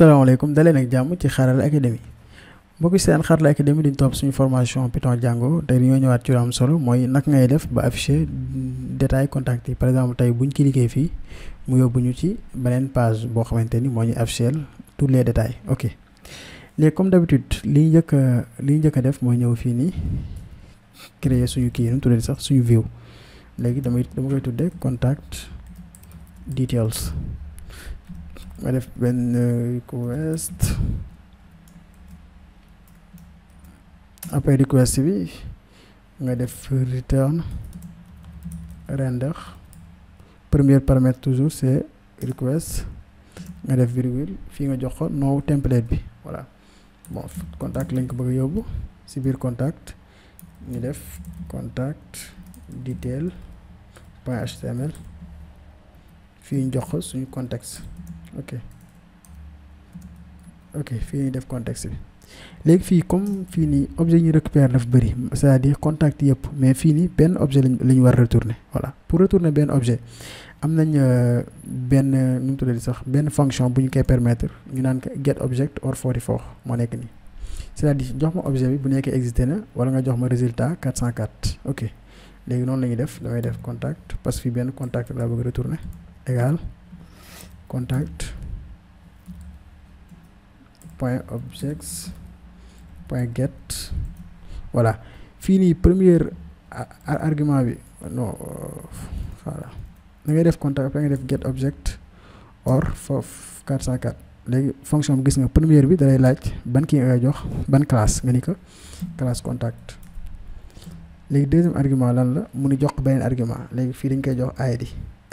salaamaaleykum dalee nag jàmm ci Xarala Academy mbokki seen Xarala Academy di topp suñu formation Python Django tey dañoo ñëwaat ci lu am solo mooy naka ngay def ba afficher détail contact yi par exemple tey buñ cliquer fii mu yóbbu ñu ci beneen page boo xamante ni moo ñu afficher tous les détails ok léegi comme d'habitude li njëkk a li njëkk a def mooy ñëw fii nii créer suñu kii nu mu tuddee sax suñu view léegi damay dama koy tuddee contact details. nga def request après request bi nga def return render premier paramètre toujours c'est request nga def virgule fii nga jox no template voilà bon contact link ko bëgg contact ñu def contact detail point html fii ñu jox suñu contexte ok ok fini def contexte bi léegi comme fini nii objet yi ñu récupère dafa c'est-à-dire contact yëpp mais fini nii benn objet lañ war retourner voilà pour retourner benn objet am nañ euh, benn nu mu sax benn fonction bu ñu koy permettre ñu naan ko get object or 44 moo nekk nii c'est-à-dire jox ma objet bi bu nekkee existé na wala nga jox ma résultat 404 ok léegi noonu la ñuy def damay def contact parce que fii benn contact laa bëgg retourner égal contact point objects get voilà fii nii première argument bi non def contact da ngay def get object or foofu 404 léegi fonction bi gis nga première bi dalay laaj ban kii ngay jox ban classe nga ni ko classe contact léegi deuxième argument lan la mu ni jox ko beneen argument léegi fii dañ koy jox id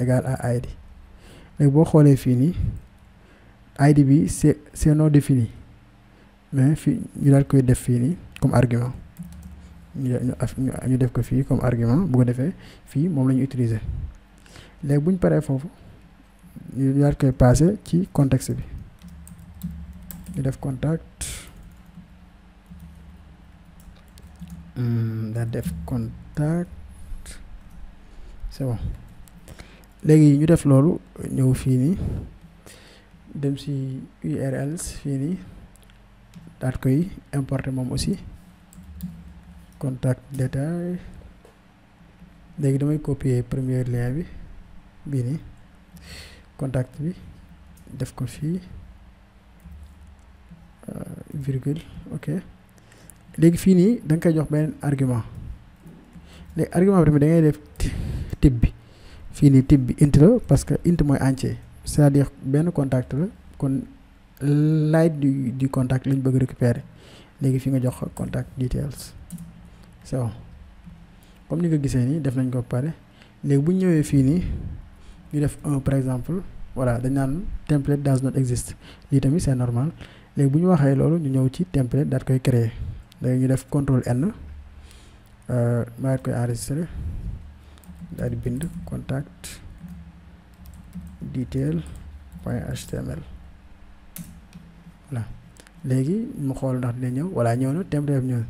égal à id le vous xoolee fini idb c'est un non défini mais fii ñu dal koy def comme argument ñu def ko fi comme argument bu ko défé fi on la utiliser paré fofu ñu koy contexte bi ñu def contact hmm, contact c'est bon léegi ñu def loolu ñëw fii nii dem si urls fii nii daat koy importer moom aussi contact détail léegi damay copier première lien bi bii nii contact bi def ko fii euh, virgule ok léegi fii nii da koy jox beneen argument léegi argument bi tamit da ngay def type bi fini nii type bi int la parce que int moy entier c'est-à-dire ben contact la kon light du du contact lañ bëgg récupérer légui fi nga jox contact details c'est bon comme ni nga gisee ni def nañ ko pare légui bu ñëwé fini ñu def un par exemple voilà dañ nan template does not exist li tamit c'est normal légui bu ñu waxé lolu ñu ñëw ci template daat koy créer légui ñu def contrôle n euh, maa koy enregistrer daal di bind contact detail point html voilà léegi mu xool ndax dina ñëw walla ñëw na template ñëw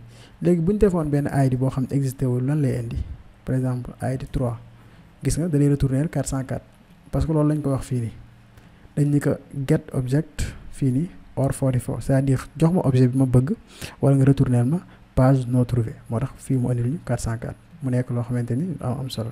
léegi bu ñu defoon benn id boo xam ne existé wul lan lay indi par exemple id 3 gis nga da lay retourner 404 parce que loolu lañ ko wax fii nii dañ ni ko get object fii nii or 44 c'est-à-dire jox ma objet bi ma bëgg walla nga retourner ma page non trouvée moo tax fii mu indil ñu 404 mu nekk loo xamante ni am am solo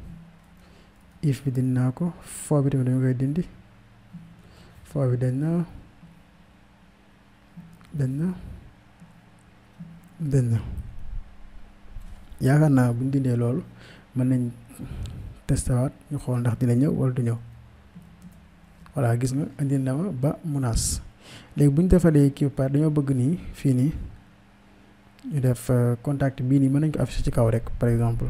if bi na ko for bi tam dañ koy dindi for bi within now then now then now yaakaar naa buñ dindee loolu mën nañ testawaat ñu xool ndax dina ñëw wala du ñëw voilà gis nga andi na ma ba munaas léegi buñ defalee kii par dañoo bëgg nii fii nii ñu def euh, contact bii nii mën nañ ko afficher ci kaw rek par exemple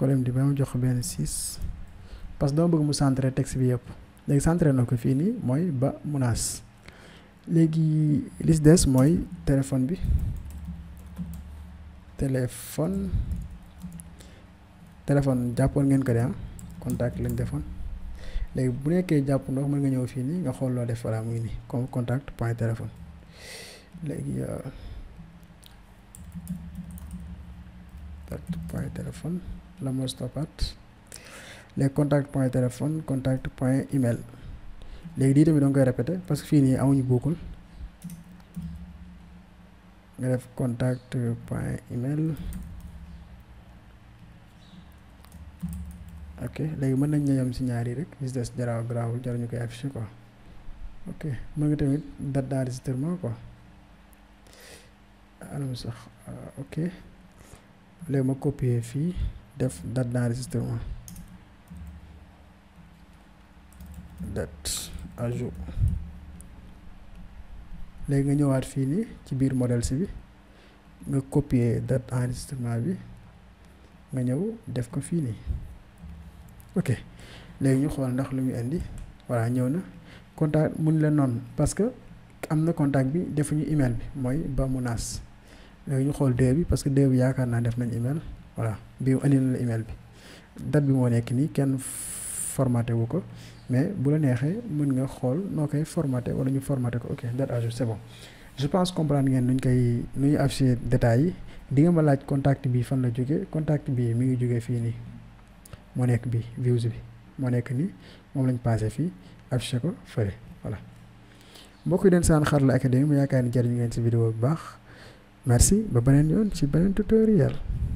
colonne bi ba mu jox benn 6 parce que dama bëgg mu centre texte bi yëpp léegi centré na ko fii nii mooy ba munaas léegi li si des mooy téléphone bi téléphone téléphone jàppoon ngeen ko de ah. contact lañ defoon léegi bu nekkee jàpp ndox mën nga ñëw fii nii nga xool loo def voilà ngi nii comme contact point téléphone léegi euh, contact point téléphone. la moo toppaat léegi contact point téléphone contact point email léegi lii tamit danga koy répété parce que fii nii amuñu bokkul nga def contact point email ok léegi mën nañ ñëw si ñaari rek li si des jaraaw garaawul jaruñu koy affiché quoi ok mën nga tamit date d'enregistrement quoi alhamdulilah sax ah, ok léegi ma copier fii. def date d'enregistrement date à léegi nga ñëwaat fii nii ci biir modèle si bi nga copier date enregistrement bi nga ñëw def ko fii nii ok léegi ñu xool ndax lu muy indi voilà ñëw na contact mun leen noonu parce que am na contact bi defu defuñu email bi mooy ba mu naas léegi ñu xool deux bi parce que bi yaakaar naa def nañ email voilà bi indi na email bi date bi moo nekk nii kenn formaté wu ko mais bu la neexee mën nga xool noo koy formaté wala ñu formaté ko ok date à jour c'est bon je pense comprendre ngeen nuñ koy nu ñu affiché détails yi di nga ma laaj contact bi fan la jóge contact bi mi ngi jógee fii nii moo nekk bi views bi moo nekk nii moom lañ passé fii affiché ko fële voilà mbokk yi den saan Xarala Academy mu yaakaar ni jariñ ngeen ci vidéo bu baax merci ba beneen yoon ci beneen tutoriel